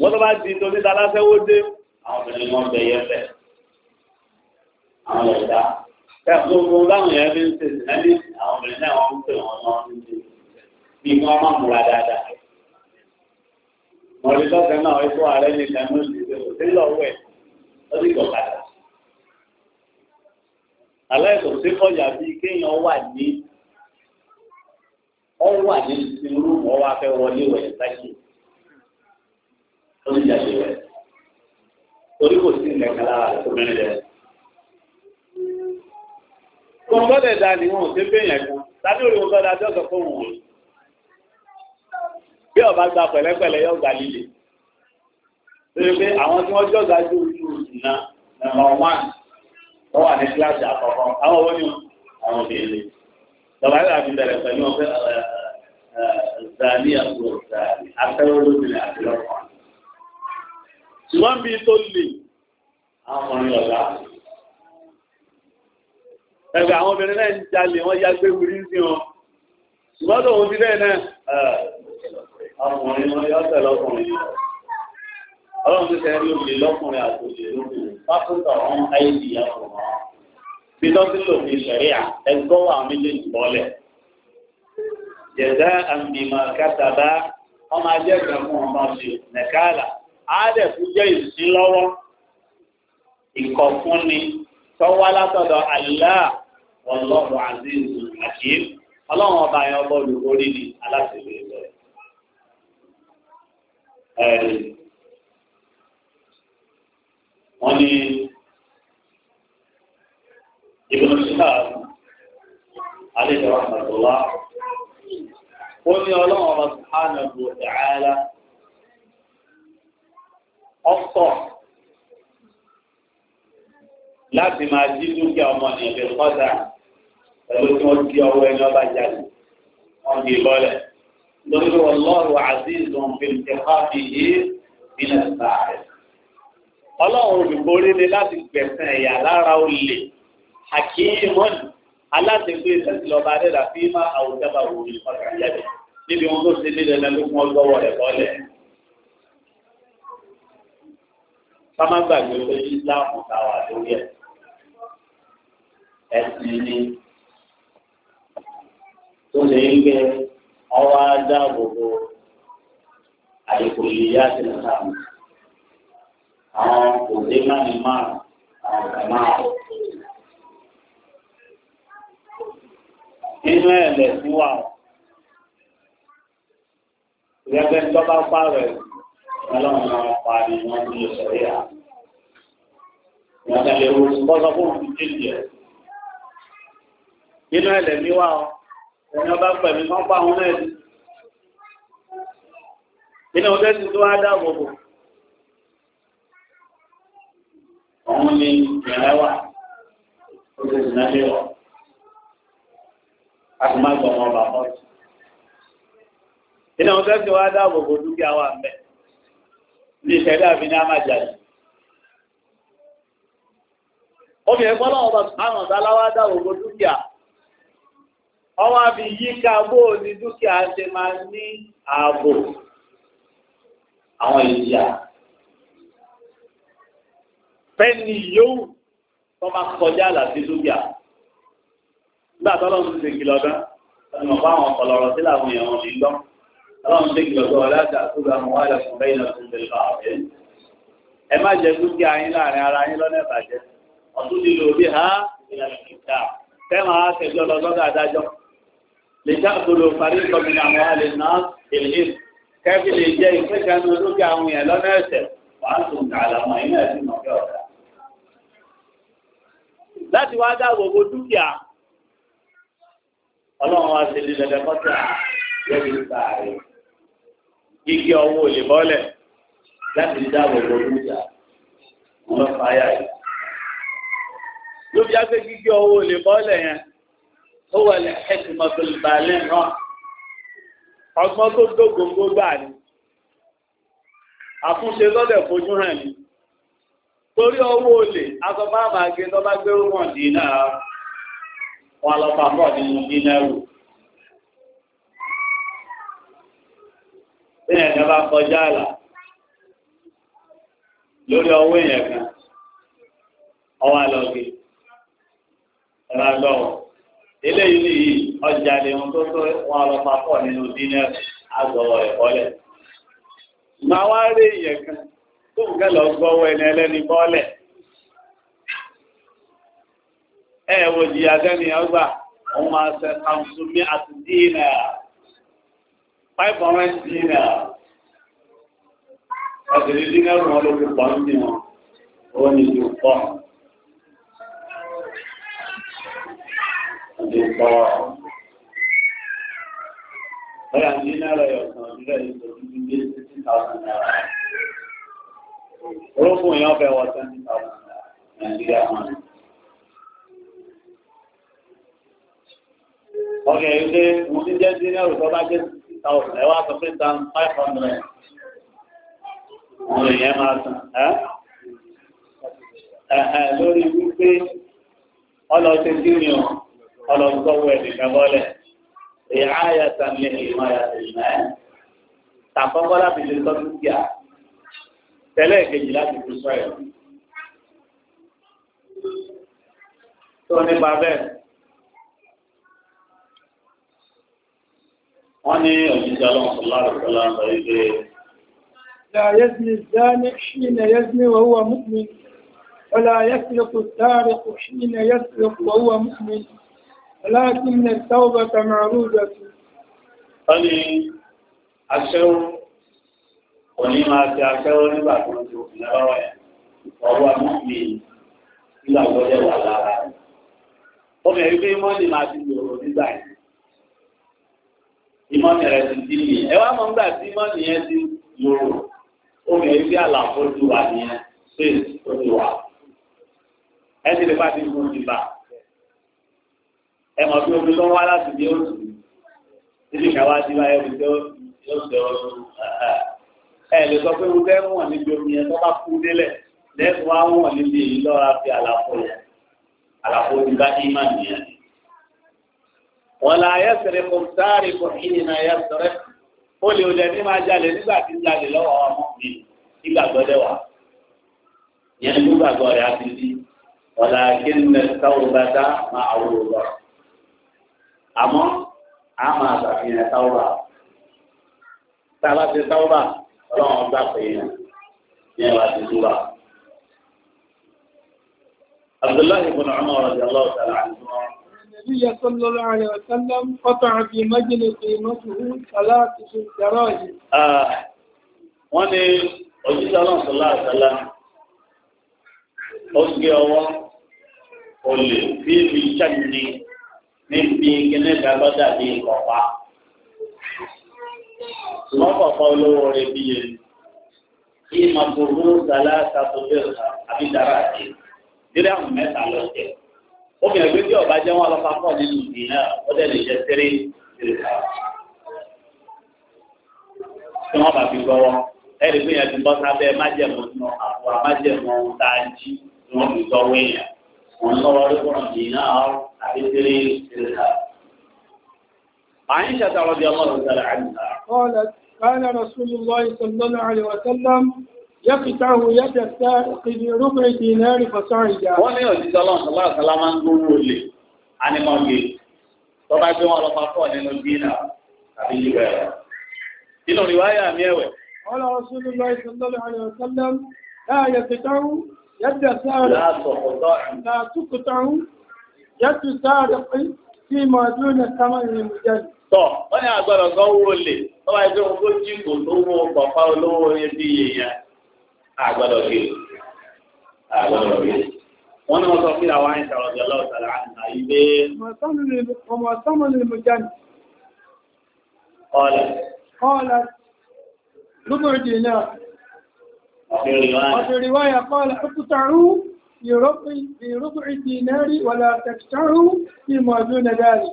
wọ́n tó bá di tó níta lásẹ́wó dé àwọn obìnrin wọn bẹ yẹfẹ́ àwọn ẹ̀dá ẹ̀kọ́ gbogbo láwọn yẹn fi ń ṣe ìdílé àwọn obìnrin náà wọ́n ń pè wọ́n náà ń bí wọ́n máa múra dáadáa mọ̀lẹ́dọ́gbẹ́ náà ẹ̀kọ́ ààrẹ nìkan ló aláìsàn tí kọjá bí kéèyàn wà ní wọ́n wà ní irú wọ́n wá fẹ́ wọlé wẹ̀ láti oníjàde rẹ̀ torí kò sí ìlẹ̀kẹ̀ lára tó mẹ́rin rẹ̀. kọ́ńtọ́lẹ̀ dá ni wọn ò ṣe bẹ́yẹn kan tàbí orí wọn bá dájọ́ fún wọn. bí ọba gba pẹ̀lẹ́pẹ̀lẹ́ yóò gba líle. pé àwọn tí wọ́n jọ́ga ju ojú ìná nàmọ̀ wán wọ́n wà ní kíláàsì àkọ́kọ́ àwọn owó ni àwọn obìnrin lọ́wọ́ àgbà fi bẹ̀rẹ̀ pẹ̀lú ọ̀fẹ́ zani àbúrò zani afẹ́rẹ́ olóbìnrin àti lọ́kàn. ṣùgbọ́n bí tó lè àwọn ọmọrin ọ̀gá. ẹgbẹ́ àwọn obìnrin náà ń jalè wọ́n yá gbé wuri sí wọn. ṣùgbọ́n tó ń ti bẹ́ẹ̀ náà ọmọrin wọn yọ ọlọ́run tó sẹ́ni lóbìnrin lọ́kùnrin àtòjì lóbìnrin pápútọ̀ ọ̀hún àìsí ìyàwó wọn. bí dókítà òfin ṣẹ̀ríà ẹgbọ́ wà méjèèjì bọ́lẹ̀. jẹ̀dá àmìmọ̀ kátàbá ọmọ ajẹ́ kan fún ọmọ ṣe nẹ̀kálà àádẹ́kù jẹ́ ìsínlọ́wọ́ ìkọ̀fúnni tọ́wọ́ látọ̀dọ̀ àlá ọlọ́run àzízù àkíyèm ọlọ́run ọba yẹn ọbọ̀ olùkórí ni aláṣẹ
wọ́n ní ìbùnú ṣíkà àlejò àmàlùwà
ó ní ọlọ́run ọba sùhánà bò tààlà ọ̀pọ̀ láti máa jí dúkìá ọmọ nìyẹn kọ́ta pẹ̀lú tí wọ́n jí ọwọ́ ẹni ọba jáde wọ́n di bọ́lẹ̀ lórí wọ́n lọ́rùn àzízùn fìlìtẹ̀kọ́ fi yé nínú ọlọ́run olùborí ni láti gbẹ̀sẹ̀ ẹ̀yà lára olè àkíyèmọ́nì alátẹ̀gbé ìtẹ̀sílọ́ba adẹ́dà fi máa àwùjábà wò ní ọ̀sán yẹ̀dẹ̀ níbi wọn tó ṣe nílẹ̀ lẹ́lógún ọgbọ́wọ́ rẹ̀ bọ́lẹ̀. sámágbàgbé pé Islam ta wà lórí ẹ̀
ẹ̀sìn ni tó lè ń gbé ọwọ́ adáàbòbò àìkò ìyá ti nà sáà àwọn kò dé mẹ́rin márùn àwọn kò márùn. nínú ẹ̀lẹ̀ sí
wà gẹ́gẹ́ tó bá pààrẹ̀ ọlọ́run máa pa ni wọ́n ní ìṣẹ̀lẹ̀ à. ìyàtọ̀ lè wo bọ́sọ̀ fún jíjì ẹ̀. nínú ẹ̀lẹ̀ sí wà ẹni ọba pẹ̀lú kan pa náà. nínú ọdẹ tuntun á dáàbò bò.
òun ni ìrẹ̀lẹ́wà
ó ti sì náà léwọ̀ a sì má gbọ̀mọ̀ ọba pọ́ọ̀tù. iná ọ̀sẹ̀ tí wàá dáàbò bò dúkìá wa ń bẹ̀ ní ìṣẹ̀lẹ̀ àbí ní àmàjáde. obìnrin pọ́lá ọba àwọn ọ̀dà aláwá dáàbò bò dúkìá ọwọ́ àbí yíká bóò dúkìá ṣe máa ní ààbò àwọn ìjìyà fẹ́ni yóò wọ́n bá kọjá àlàfé lójà nígbà tó lọ́nà ti kìlọ̀ gan ẹnu ọ̀pá àwọn ọ̀pọ̀lọ̀rọ̀ sí làwọn èèyàn wọn ní gbọ́n ọlọ́run ti kìlọ̀ gan ọ̀lá àgbà tó gba àwọn wáyà fún bẹ́ẹ̀ náà tó ń bẹ̀rẹ̀ bàbẹ́. ẹ má jẹ dúkìá yín láàrin ara yín lọ́nà ìbàjẹ́ ọ̀tún lílo bí ha ìlànà ìta fẹ́ máa tẹ̀jọ́ lọ sọ́dọ̀ adájọ́ lè já gbọdọ̀ parí kọ́mìnà àwọn àlè náà èlé kẹ́bí lè láti wá dáàbò bo dúkìá ọlọ́run wa ṣe lè dẹ̀dẹ̀ kọ́tà lẹ́bi sàárè igi ọwọ́ lè bọ́lẹ̀ láti dáàbò bo dúkìá ọlọ́pàá ayà yìí lóbi afẹ́ igi ọwọ́ lè bọ́lẹ̀ yẹn ó wà lẹ́ ẹ̀sìn mọ́tòlùbàlẹ̀ náà ọgbọ́n tó dógóńgó gbà ní àfúnṣe lọ́dẹ̀ fojú hàn ní. torí ọwọ́ olè aṣọ máa máa gé lọ́ba gbérú dínà wọn lọ pọ̀ nínú dínà wò. bí ẹ̀ka bá kọjá àlà lórí ọwọ́ èèyàn kan ọwọ́ àlọ́gbé ẹ̀rọ eléyìí ọjà tó tó pọ̀ nínú tó ń kẹ́ lọ gbọ́wọ́ ẹni ẹlẹ́ni bọ́ọ̀lẹ̀ ẹ wo jìyà sẹ́ni ọgbà òun máa ṣe kàmsùnmí àti dínà five hundred dínà
ọ̀sẹ̀lẹ̀ dínà wọn ló fi pọ̀ ń bì wọn ó ní ju pọ̀ ju pọ̀ bẹ́ẹ̀ ni náírà yọ̀ọ̀kan ìrẹ́ ìṣòro ti dé sixty thousand naira orókùn èèyàn fẹ́ wọ twenty thousand nàìjíríà wọn.
ọkẹ́ yìí pé mo ti jẹ́ dínẹ́rù tó bá jẹ́ sixty thousand ẹ̀ wá sọ pé tan five hundred
àwọn èèyàn máa tàn
ẹ́ lórí wípé ọlọ́ọ̀tẹ̀ tí mi ò ọlọ́ọ̀tọ́wọ́ ẹ̀dìkan bọ́lẹ̀ èyí á yà tàn lé èyí máa yà tàn lé ẹ̀ tàkọ́kọ́ láti lè sọ dúkìá tẹ́lẹ̀ kejì láti fi sọ ẹ̀. tó nípa bẹ́ẹ̀ wọ́n ní òjijì ọlọ́run láti sọ́lá ń sọ wípé.
لا يزني الزاني حين يزني وهو مؤمن ولا يسرق السارق حين يسرق وهو مؤمن ولكن التوبة معروضة.
قال الشر òní máa fi aṣẹ́wó nígbà tó ń tó lọ́wọ́ ẹ̀ ọwọ́ mi nígbà tó jẹ́ wà lára rẹ̀. obìnrin pé mọ́ọ̀nì máa ti gbòòrò nígbà yìí ìmọ̀nì rẹ̀ ti dín nìyẹn ẹ wá mọ̀ nígbà tí ìmọ̀nì yẹn ti gbòòrò obìnrin pé àlàfo ti wà nìyẹn pé ó ti wà ẹ ti lè bá ti gbòòrò nígbà ẹ mọ̀ bí omi tó ń ó sì ibi ti bá ẹ fi tó yóò tẹ ọ ẹ lè sọ pé wọ́n fẹ́ wọ̀n níbi omi yẹn tó bá kú délẹ̀ lẹ́sùn wá wọ̀n níbi èyí lọ́ra fi àlàfo yẹn àlàfo ti bá ìmá nìyẹn. wọ́n la ayé sẹ̀rẹ̀ kò sáré kò ìyìn náà ayé sọ̀rẹ́ ó lè olè ní máa jalè nígbà tí ń jalè lọ́wọ́ ọmọ mi nígbàgbọ́ dẹ̀ wá. yẹn ní gbàgbọ́ rẹ̀ á ti di wọ́n la kí ni sáwọ́ bá dá máa àwòrán lọ. àmọ́ àmọ́ àgbà fi yẹn sáwọ́ bá. tá a bá ti sáwọ́ bá ọlọ́run gbà pé ní ẹ̀rọ àti ìdúrà. Abdullahi ibn Umar radiyallahu ta'ala
anhu.
النبي صلى الله عليه وسلم قطع في مجلس قيمته ثلاثة دراهم.
آه wọ́n ní òjíṣẹ́ ọlọ́run sọ̀lá àtàlá ó gé ọwọ́ olè fíìmì ṣáàjì níbi gẹ́gẹ́ dàgbọ́dà bíi kọ̀ọ̀pá ṣùgbọ́n kọ̀ọ̀kan olówó rẹ̀ bí yẹn kí màkòrò sàlá sàtòbẹ̀rẹ̀ àbí dara àti dírẹ́ àwọn mẹ́ta lọ tẹ̀. obìnrin gbé bí ọba jẹ́ wọn lọ́ka pọ̀ nínú ìdí náà ó dẹ̀ lè jẹ́ sẹ́rí ìrìkà. tí wọ́n bá fi gbọ́wọ́ ẹ̀rí pé yẹn ti bọ́ sábẹ́ májẹ̀mú náà àwọn májẹ̀mú tá a wọ́n fi gbọ́wọ́ èèyàn. wọ́n lọ́wọ́ rí ìdí náà àbí sẹ́rí ìrìkà. عائشة رضي الله تعالى
عنها
قالت كان رسول الله صلى الله عليه وسلم يقطع يد السائق بربع دينار فصعد wọ́n ní òjíṣẹ́ ọlọ́run
sọlá sọlá máa ń gbówó lè ánímọ́gé tó bá gbé wọn lọ máa pọ̀ nínú dínà
قال رسول الله صلى الله عليه وسلم لا يقطع يد السائق لا تقطع يد السائق فيما دون ثمن المجلد tọ
wọn ní agbọ́dọ̀ sọ wúwo lè wọn bá yẹ pé owó jí kò lówó pọpá olówó ebi yìnyẹn agbọ́dọ̀ gbé agbọ́dọ̀ gbé wọn ní wọn sọ fún àwọn àyìnṣà ọjọ́ lọ́wọ́ sàlẹ àná yìí pé.
ọmọ sọmọ ni mo jáde. ọlẹ. ọlẹ lóbìrì dìínà. وفي رواية قال اقطعوا بربع دينار ولا تقطعوا فيما دون ذلك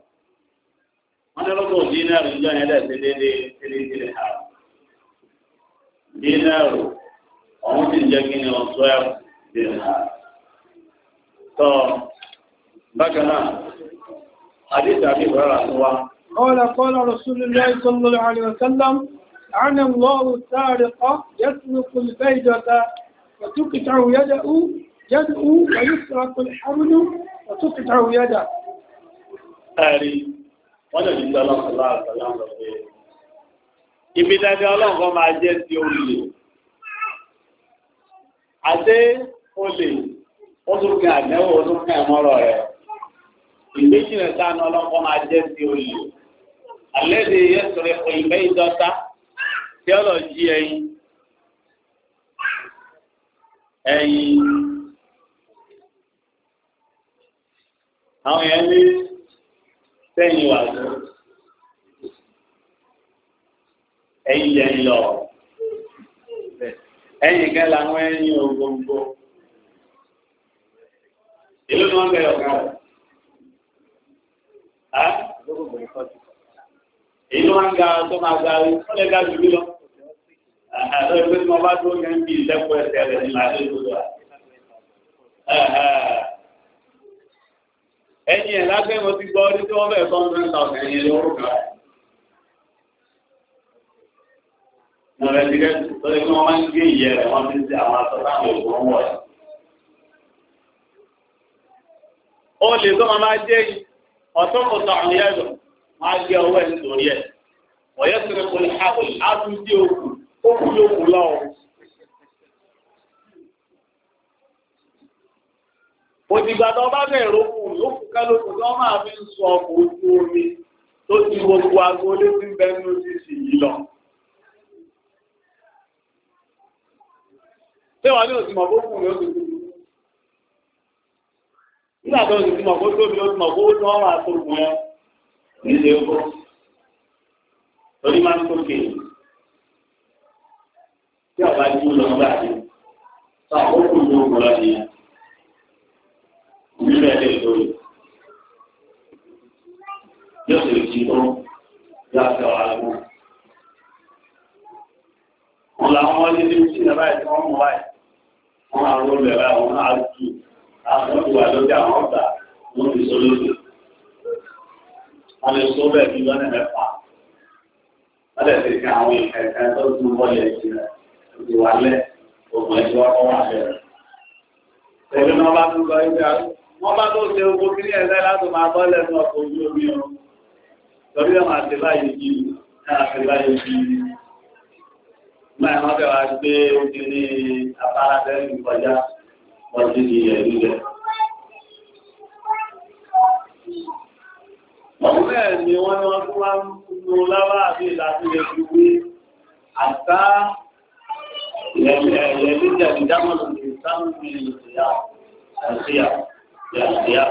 أنا لقوا دينار جان هذا تدري تدري تدري ها دينار أو تين جاكين أو سوير دينار تو
بكنا حديث أبي هريرة سوا
قال قال رسول الله صلى الله عليه وسلم عن الله السارق يسرق الفيدة وتقطع يده يده ويسرق الحمل وتقطع يده.
أري wọ́n lè nígbà ọlọ́run láàrín ọlọ́run pé ibi dandan ọlọ́run kan máa jẹ́ ti olè àti olè ó tún kí àdẹ́wò ó tún kí ẹ̀mọ́rọ̀ rẹ̀ ìgbésí rẹ̀ sáà ní ọlọ́run kan máa jẹ́ ti olè alẹ́ lè yẹ sọ̀rọ̀ ìgbẹ́ ìdọ́ta tí ọlọ́ jí ẹyin ẹyin àwọn yẹn ní. sẹ́yìn wà lọ ẹ̀yìn lẹ́yìn lọ ẹ̀yìn kẹ́ làwọn ẹ̀yìn ògbóǹgbò ìlú ni wọ́n bẹ̀rẹ̀ ọ̀gá rẹ̀ ìlú wọn ga tó máa ga rí wọ́n lè ga lọ àtọ́ ẹsẹ̀ rẹ̀ ẹ̀yìn ẹ̀ lágbẹ́ mo ti gbọ́ orí tí wọ́n bẹ̀rẹ̀ sọ ọdún ẹ̀ta ọ̀sẹ̀ ẹ̀yìn ló rúkà. mo rẹ̀ ti rẹ̀ tó yẹ kí wọ́n máa ń gé ìyẹ́ rẹ̀ wọ́n ti ń ṣe àwọn aṣọ láwọn òògùn wọ̀ ẹ̀. ó lè tó máa máa jẹ́ ọ̀tún kò tọ̀ àwọn yẹ́lò máa gé ọwọ́ ẹ̀ nítorí ẹ̀ ọ̀yẹ́ sọ̀rọ̀ kò ní òdìgbà tó bá bẹ̀rẹ̀ òkú yòókù kálókù tó máa fi ń sọ ọkọ̀ ojú omi tó ti gbogbo agolé tí ń bẹnu sísì yìí lọ. Tẹ́wàá ní
òsìmọ̀ kó kù ní oṣù tó
Nígbà tó òsìmọ̀ kó tóbi ó tìmọ̀ kó tó ọ̀rọ̀ àtòkùn ẹ
àwọn ilé ní ìṣẹ̀lẹ̀ báyìí tí
wọ́n mú wáyé wọ́n máa rọ́ bẹ̀rẹ̀ àwọn àjù àtọ́kùwà lókè àwọn ọ̀gá
wọ́n ti sọ lókè. wọ́n lè sọ bẹ́ẹ̀ bí lọ́nà mẹ́fà wọ́n lè fi kan àwọn ìkẹ̀kẹ́ tó ti wọlé ìjìnlẹ̀ òkè wálẹ̀ òkè tí wọ́n kọ́ wà bẹ̀rẹ̀. pẹ̀lú náà bá
tún lọ ibi àrùn wọ́n bá tó ṣe owó kí ní ẹ̀sẹ̀ láti máa bọ́ lẹ́nu ọkọ̀ ojú omi o torí ẹ̀ máa ṣe báyìí bí i máa wọ́n bẹ̀ wá gbé obìnrin afárabẹ́rù kọjá wọ́n ti di ẹ̀rí rẹ̀. Ọ̀hún bẹ́ẹ̀ ni wọ́n ní wọ́n tún wá ń mú lábá àbí ìlàjú lè fi wé àtá
ìyẹ̀lí jẹ̀bi
dámọ̀lù ní sáwọn ìyá ẹ̀síyà ẹ̀síyà.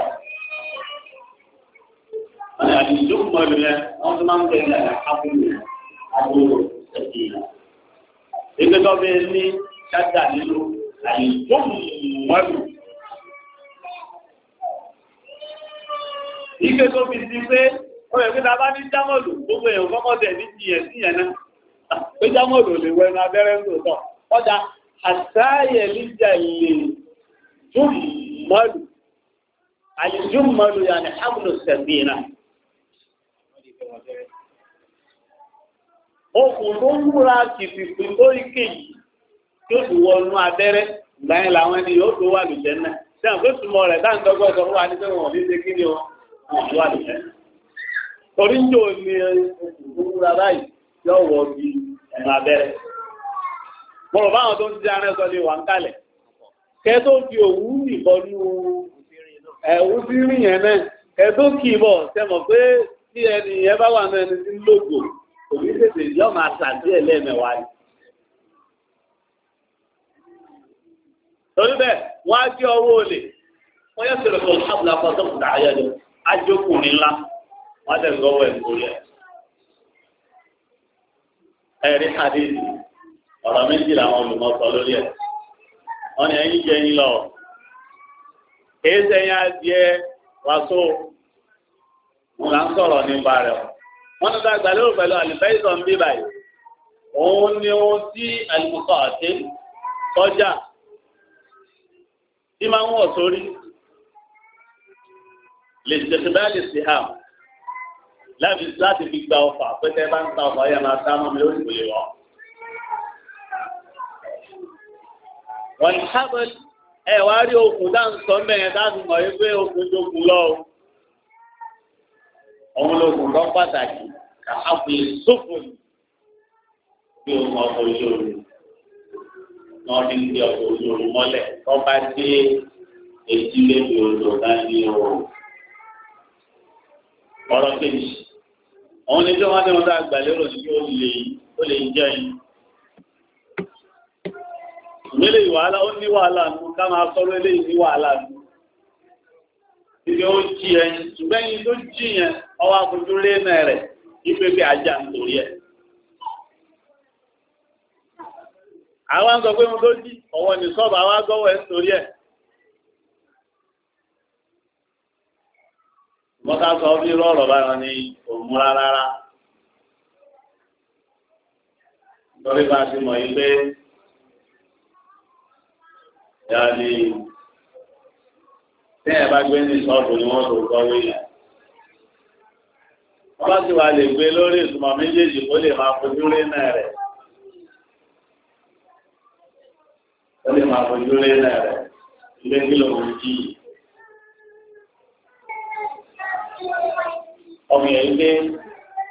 Àwọn àdìjọ́ mọ̀lù yẹn wọ́n tún máa èdè tó bẹ ní dáadáa nínú àyè tó mọ́lù. Ike tó fi sí pé ó yẹ kí ta bá ní jámọ̀lù gbogbo èèyàn kọ́kọ́ tẹ̀ ní jìyàn sí yẹn náà. Pé jámọ̀lù lè wẹnu abẹ́rẹ́ ń tòótọ́. Ọjà àtàyè níjà lè tó mọ́lù. Àyè tó mọ́lù yà ní Hamlet Sẹ̀mí náà. okùn tó ń múra kìtìkì tó ike yìí tó sì wọnú abẹ́rẹ́ gbàyìn yóò tó wà lùjẹ́ náà dáhùn pé sùmọ́ rẹ̀ dáhùn sọ fún wa ní sẹ́wọ̀n ní ṣe kí ni wà lùjẹ́ náà. torí ń jò ní okùn tó múra báyìí yóò wọ bí abẹ́rẹ́. mo rò báwọn tó ń arẹ́ sọ ń kalẹ̀ kẹ́ tó fi òwú nìkan ní ẹ̀wú sí rí yẹn o tètè yọ máa tàbí wọ́n á gé ọwọ́ olè
wọ́n yẹ sọ̀rọ̀ kọ́ sábùlà
pàtó kùtà ńlá wọ́n á dẹ̀gbọ́ ẹ̀. ẹ̀rí ọ̀rọ̀ méjì làwọn lórí ẹ̀ wọ́n ẹ̀yìn wọ́n nígbà gbàlérò pẹ̀lú àlùfẹ́sọ̀ ń bí báyìí òun ni ohun tí àlùkọ́ àti kọjá tí máa ń wọ̀ sórí lè tẹ̀síbá lè sì hàn láti láti fi gba ọfà pété bá ń ta ọfà yẹn máa sá mọ́mi lórí ìwé wọn. wọ́n ní sábẹ́lì wá rí okùn dáhùn sọ́mbẹ̀ yẹn dáhùn mọ̀ wípé okùn jókòó lọ́wọ́ òun ló lọ pàtàkì ka abúlé sófin
bí o mọ ọkọ̀ ojú omi náà ní ti ọkọ̀ ojú omi mọ́lẹ̀ kọ́ bá dé ètí lébi odò náà ní
oòrùn. ọ̀rọ̀ kejì àwọn oníjọ́ wọn ní wọn tá a gbà lérò ní kí ó lè ó lè jẹ́ yìí. ìmẹ́lẹ̀ ìwàhálà ó ní wàhálà nù ká máa sọ̀rọ̀ eléyìí ní wàhálà nù ibi ó jí ẹ ṣùgbọ́n ẹni tó jí yẹn ọwọ́ akutu lé náà rẹ̀ ìgbésẹ̀ ajá nítorí ẹ̀. àwọn àgọ́ pé mo tó jí ọ̀wọ́ ní sọ́ọ̀bù àwọn àgọ́wọ̀ ẹ̀ nítorí ẹ̀. mọ́tà sọ bí rọ́ọ̀rọ̀ báyọ̀ ní òun rárá.
nítorí bá a ti mọ̀ yín
pé yàrá ni tẹ́yà bá gbé ní sọ́ọ̀bù ni wọ́n tó gbọ́ wíyà. ọba sì wà lè gbé lórí ìtumọ̀ méjèèjì kó lè máa fojú rí náà rẹ̀.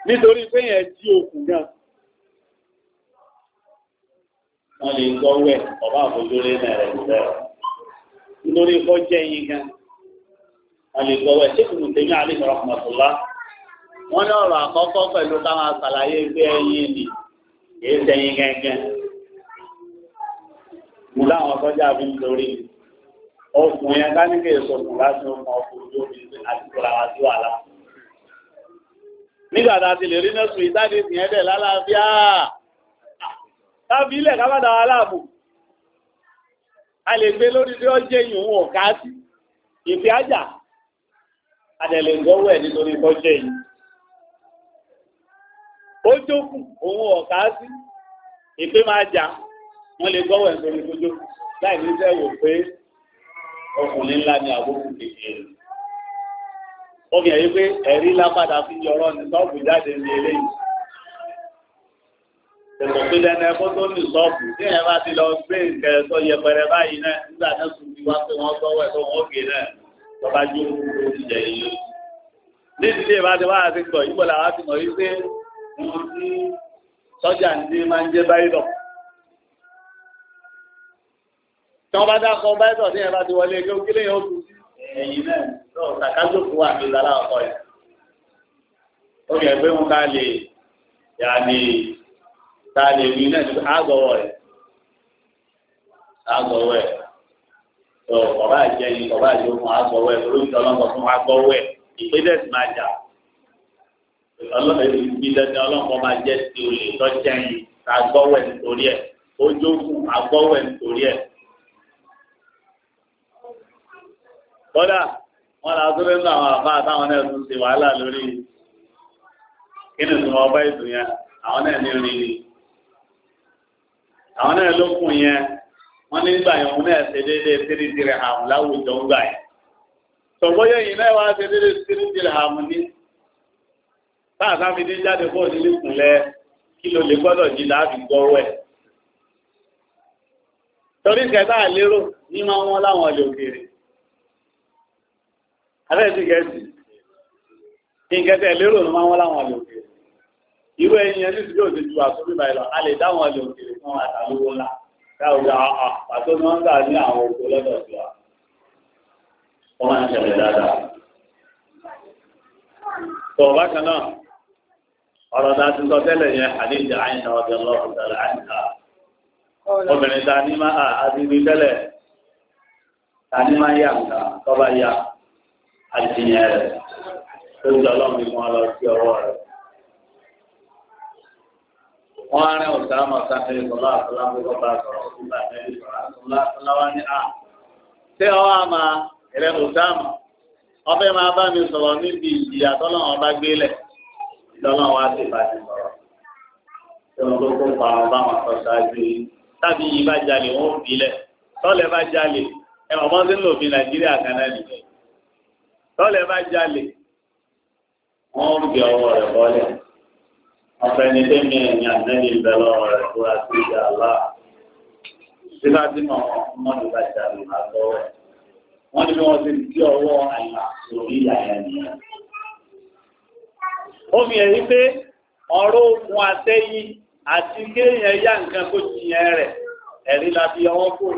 nítorí pé yẹn jí náà. wọ́n lè gbọ́ wẹ̀ ọba àfojú rí náà rẹ̀ níbẹ̀. nítorí kọ́ jẹ́ yín gan. wọ́n lè gbọ́ wẹ̀ kùnú wọ́n ní ọ̀rọ̀ àkọ́kọ́ pẹ̀lú káwọn àṣàlàyé pé ẹyin ni kìí sẹ́yìn gẹ́gẹ́ mú láwọn sọ́jà fi ọkùnrin yẹn ká ní kí èso
láti ọkùnrin ọkùnrin
tó fi àti kóra wá sí wàhálà. nígbà tá a ti lè rí bẹ̀ lálàáfíà tábí ilẹ̀ a lè gbé lórí tí ó jẹ́ sí ìfẹ́ àjà a ó jókù òun ọ̀ká sí ìpé máa jà wọ́n lè gọ́wọ̀ ẹ̀sọ́ ní gbójó láì ní sẹ́ wò pé ọkùnrin ńlá ni àbókù kékeré obìnrin yìí pé ẹ̀rí lápadà fi yọrọ ní sọ́ọ̀bù jáde ní eléyìí
tẹ̀sán pé lẹ́nu ẹ̀kọ́ tó ní sọ́ọ̀bù tí
ẹ̀ bá ti lọ gbé nǹkan ẹ̀sọ́ yẹpẹrẹ báyìí náà nígbà náà sùn ti wá pé wọ́n gbọ́wọ́ ẹ̀sọ́ wọn òkè náà lọ́ba jó
kúrò ìjẹ́ yìí.
ní ìdílé ìbá ti wá àti gbọ̀ làwọn ti mọ̀ yí ìlú tí sọ́jà ń dé máa ń jẹ́ báyìdọ̀. tí wọ́n bá dákọ̀ báyìdọ̀ ní ẹ̀bá ti wọlé ẹgbẹ́ òkèlè yẹn ó kù sí ẹ̀yìn náà lọ́ọ̀ sàkájòkó wà ní ìlàlá ọkọ̀ yẹn. ó yẹ pé wọn ká lè yà lè ta lè wí náà ní àgọ̀wọ̀ rẹ̀ àgọ̀wọ̀ rẹ̀ ọ̀bá jẹ́ ọ̀bá jẹ́ fún àgọ̀wọ̀ rẹ̀ olóńtọ́ lọ́kọ̀ ọlọ́run ìbí dandan ọlọ́run máa jẹ́ ti olè tọ́jà yìí ká gbọ́wẹ̀ nítorí ẹ̀ ojókù agbọ́wẹ̀ nítorí ẹ̀. kódà wọn là tó nínú àwọn àbá àtàwọn náà tún ṣe wàhálà lórí kí ni tún ọba ìdùn yẹn àwọn náà ní rí ni àwọn náà ló kùn yẹn wọn nígbà yẹn wọn náà ṣe déédéé tírí dirham láwùjọ ń gbà yẹn. sọ̀bọ́yẹ̀ yìí náà wá ṣe déédéé tírí dirham ní báà sáfi dé jáde bọ́ nílé kùnlẹ̀ kí ló lè gbọ́dọ̀ jí láàbì gbọ́rọ̀ ẹ̀. torí kẹta àlérò ní máa wọ́n láwọn ọ̀lẹ̀ òkèèrè. abẹ́ẹ̀sì gẹ̀ẹ́sì kí n kẹta àlérò ní máa wọ́n láwọn ọ̀lẹ̀ òkèèrè. irú ẹyin ẹni tí yóò ju àtúntò báyìí lọ a lè dáwọn ọ̀lẹ̀ òkèèrè fún àtàlówó ńlá káwùjọ pàtó ni wọ́n gbà ní àwọn òkú lọ́dọ̀ sí wa.
wọ́n máa ń ṣẹlẹ̀ dáadáa.
tọ̀ bákan náà ọ̀rọ̀ tá a ti sọ tẹ́lẹ̀ yẹn àdéjà àyìnà ọ̀dẹ ọlọ́run tẹ̀lé àyìnà obìnrin ta ni máa àdìrí tẹ́lẹ̀ ta ni máa yà nǹkan tọ́ba yà àdìyàn rẹ̀ tó ń jọ ọlọ́run fún ọ lọ
sí ọwọ́ rẹ̀.
wọ́n á rìn òsà àmọ́ sáfẹ́ ìsọ̀lá àtọ́lá ń bá sọ̀rọ̀ nígbà mẹ́rin sọ̀rọ̀ àtọ́lá wá ní à. ṣé ọwọ́ àmà ìrẹ́ òsà àmọ́ ọbẹ̀ máa bá mi sọ̀rọ̀ níbi ìjìyà tọ́lọ́run ọba gbélẹ̀ lọ́nà wa ti bàjẹ́ sọ̀rọ̀ tí wọ́n tó kó pa ọba wọn sọ ṣáájú yìí tàbí yìí bá jalè wọn ò bílẹ̀ tọ́lẹ̀ bá jalè ẹ ọmọ tí ń lò fi nàìjíríà kan nìyẹn tọ́lẹ̀ bá jalè wọn ò gbé ọwọ́ rẹ̀ bọ́lẹ̀
ọ̀fẹ́ ni tẹ́mi ẹ̀yìn àtẹ́ni ìbẹ̀lẹ̀
ọ̀rọ̀ rẹ̀ kó a ti jà lá síbá tí mo mọ̀ ní bá jalè má lọ́wọ́ wọn ni wọ́n ti di ọwọ́ àyà omi ẹ̀ pé ọ̀rọ̀ òkun àtẹ́yí àti kéèyàn yá nǹkan tó ti yẹn rẹ̀ ẹ̀rí la ọwọ́ kò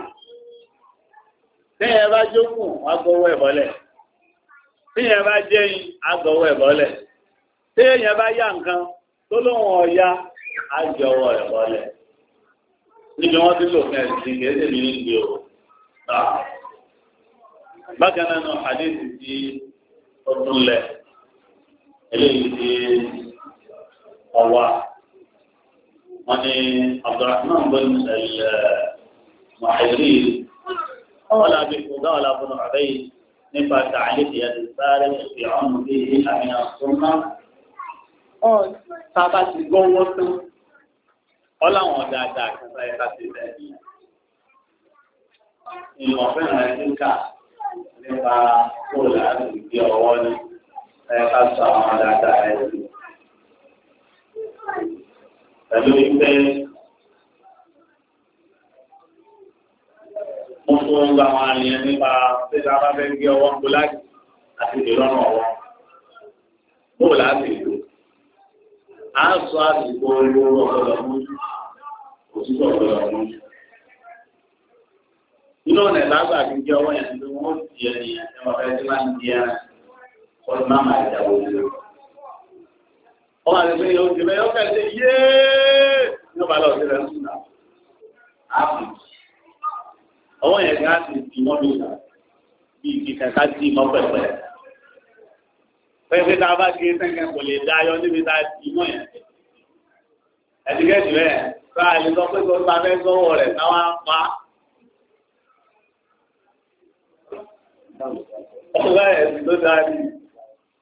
téèyàn bá jókòó agbọwọ́ ẹ̀bọ́lẹ̀ téèyàn bá jẹ́yìn agbọwọ́ ẹ̀bọ́lẹ̀ bá yá nǹkan tó agbọwọ́ ẹ̀bọ́lẹ̀ níbi wọ́n ti lòfin
ẹ̀sìn
o bákan náà ọdún eléyìí ti ọwà wọn ni abdulrahman bin muhairi ọwọlá bí kúndà ọlá bùnú àbẹyì nípa tààlì ìyá ti sáré fi ọ̀nà bí àmì àsúnmá ọ sábà ti gbọ́ wọ́n tán ọláwọn dáadáa kẹta ẹ̀ka ti bẹ̀rẹ̀
ìmọ̀ fẹ́ràn ẹ̀ka nípa kóòlù àti ìgbé ọwọ́ ni ẹ̀ka sọ àwọn àdáadáa ẹ̀sìn. Pẹ̀lú wípé
mo fún gba àwọn àyẹn nípa títa bá fẹ́ gbé ọwọ́ ńkú láti àti ìrọ̀rùn ọwọ́. Bóò láti lò. À ń sọ àsìkò olówó ọ̀gọ̀dọ̀ mú
òtútù ọ̀gọ̀dọ̀ mú.
Inú ọ̀nà ìlàgbà fi gbé ọwọ́ yẹn ni wọ́n ti ẹni ẹ̀ka ọ̀fẹ́ tí wọ́n ti di ẹran ọdún máa máa jà wọlé lọ. ọmọ àti pé yóò ti bẹ yóò fẹ́ ṣe yé ní ọba lọ sí rẹ ń sùn náà. ọwọ́ yẹn ti láti di mọ́ mi nà bí ìdí kẹta di mọ́ pẹ̀pẹ́. pẹ́ẹ́pẹ́ tá a bá gé sẹ́ńkẹ́ kò lè dá yọ níbi tá a di mọ́ yẹn. ẹ̀dígẹ́sì rẹ̀ ká a lè sọ pé kó ta fẹ́ sọ́wọ́ rẹ̀ táwọn á pa. ọ̀rẹ́ ẹ̀sìn tó dáa ni.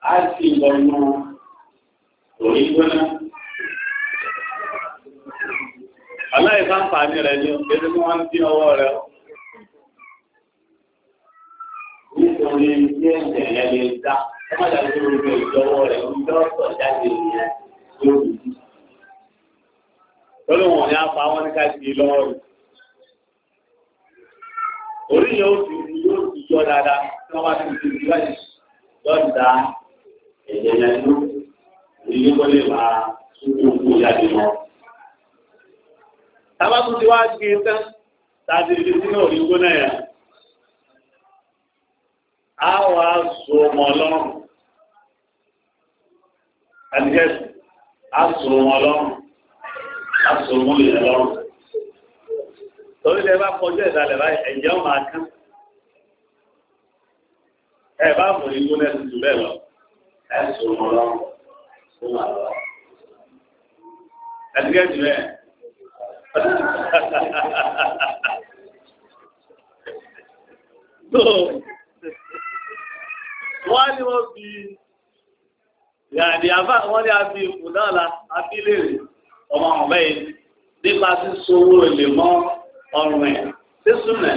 á sì lọ mọ òní gbóná. aláìsànfààní rẹ̀ ni èdè tí ń dín ọwọ́ rẹ̀
nítorí tí ẹ̀jẹ̀ yẹn lè dá ẹ má dàbí tó gbogbo ìjọwọ́ rẹ̀ ń dọ́sọ̀ jáde lórí.
ni a fa wọn ní orí yóò yọ ẹ̀jẹ̀ yẹn ló ilé kó lè máa túbú kú jáde mọ́. tábàtú ti wá gbé e tán tàbí ibi tí náà rí gbóná yẹn. a wà so ọmọ ọlọ́run àdìgẹ́ a so ọmọ ọlọ́run a so ọmọ ìyẹn lọ́rùn. torí lè bá kọjú ìdálẹ̀ báyìí ẹ̀jẹ̀ ọ̀ máa kán. ẹ bá mọ̀ ní gbóná ẹ̀ tuntun bẹ́ẹ̀ lọ
ẹ̀sùn ọlọ́run fún àlọ́. Ẹ̀dígẹ́ jù bẹ́ẹ̀.
Tó wọ́n á ní wọ́n fi yàrá àbá wọ́n ní àfi ìkù náà la àfi léèrè ọmọ ọ̀bẹ yìí nípa sísọ owó èlé mọ́ ọrùn ẹ̀ sísúnà.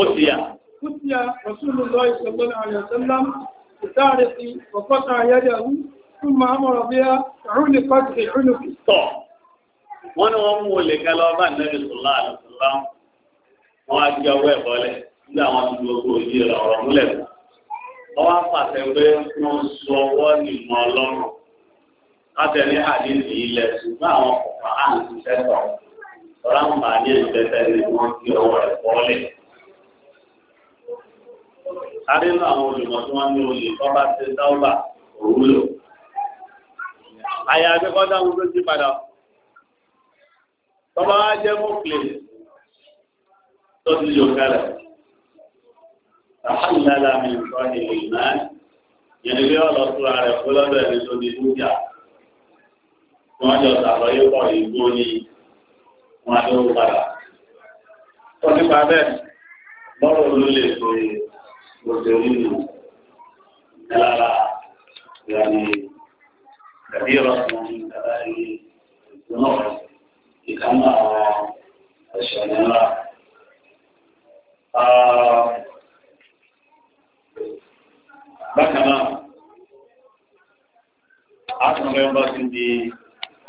Ó ti yà. فتي رسول الله صلى الله عليه وسلم بتعرق وقطع يده ثم أمر بها علقت في عنق الطاع wọ́n wọ́n mú
olè ká lọ bá nẹ́bí sọ̀lá àlùsọ̀lá wọn á jẹ ọwọ́ ẹ̀bọ́lẹ̀ nígbà wọn ti gbogbo òye ọ̀rọ̀ múlẹ̀ wọn wá pàṣẹ pé wọn sọ ọwọ́ nìmọ̀ ọlọ́run látẹ̀lé àdéhùn ilẹ̀ ṣùgbọ́n àwọn kọ̀ọ̀kan sáré nù àwọn olùmọ̀ tí wọ́n ní olè tó bá ṣe dáúbà òwúlò. àyà akẹ́kọ̀ọ́ dáhùn tó ti padà tọ́ba wá jẹ́ mọ́kìlì tó ti yọ kálẹ̀. àhàlùlálà mi nǹkan ìlú náà yẹn ni bí ọ̀lọ́ tó ara rẹ̀ fún lọ́dọ̀ ẹni tó ní dúkìá. wọ́n jọ sàlọ́yé pọ̀ ìgbó ni wọ́n á lówó padà. wọ́n nípa bẹ́ẹ̀ bọ́ọ̀lù ló lè ṣe é.
وزوجه دلالة يعني كبيرة من كبائر الذنوب كما الشنيرة بكنا أكثر من بس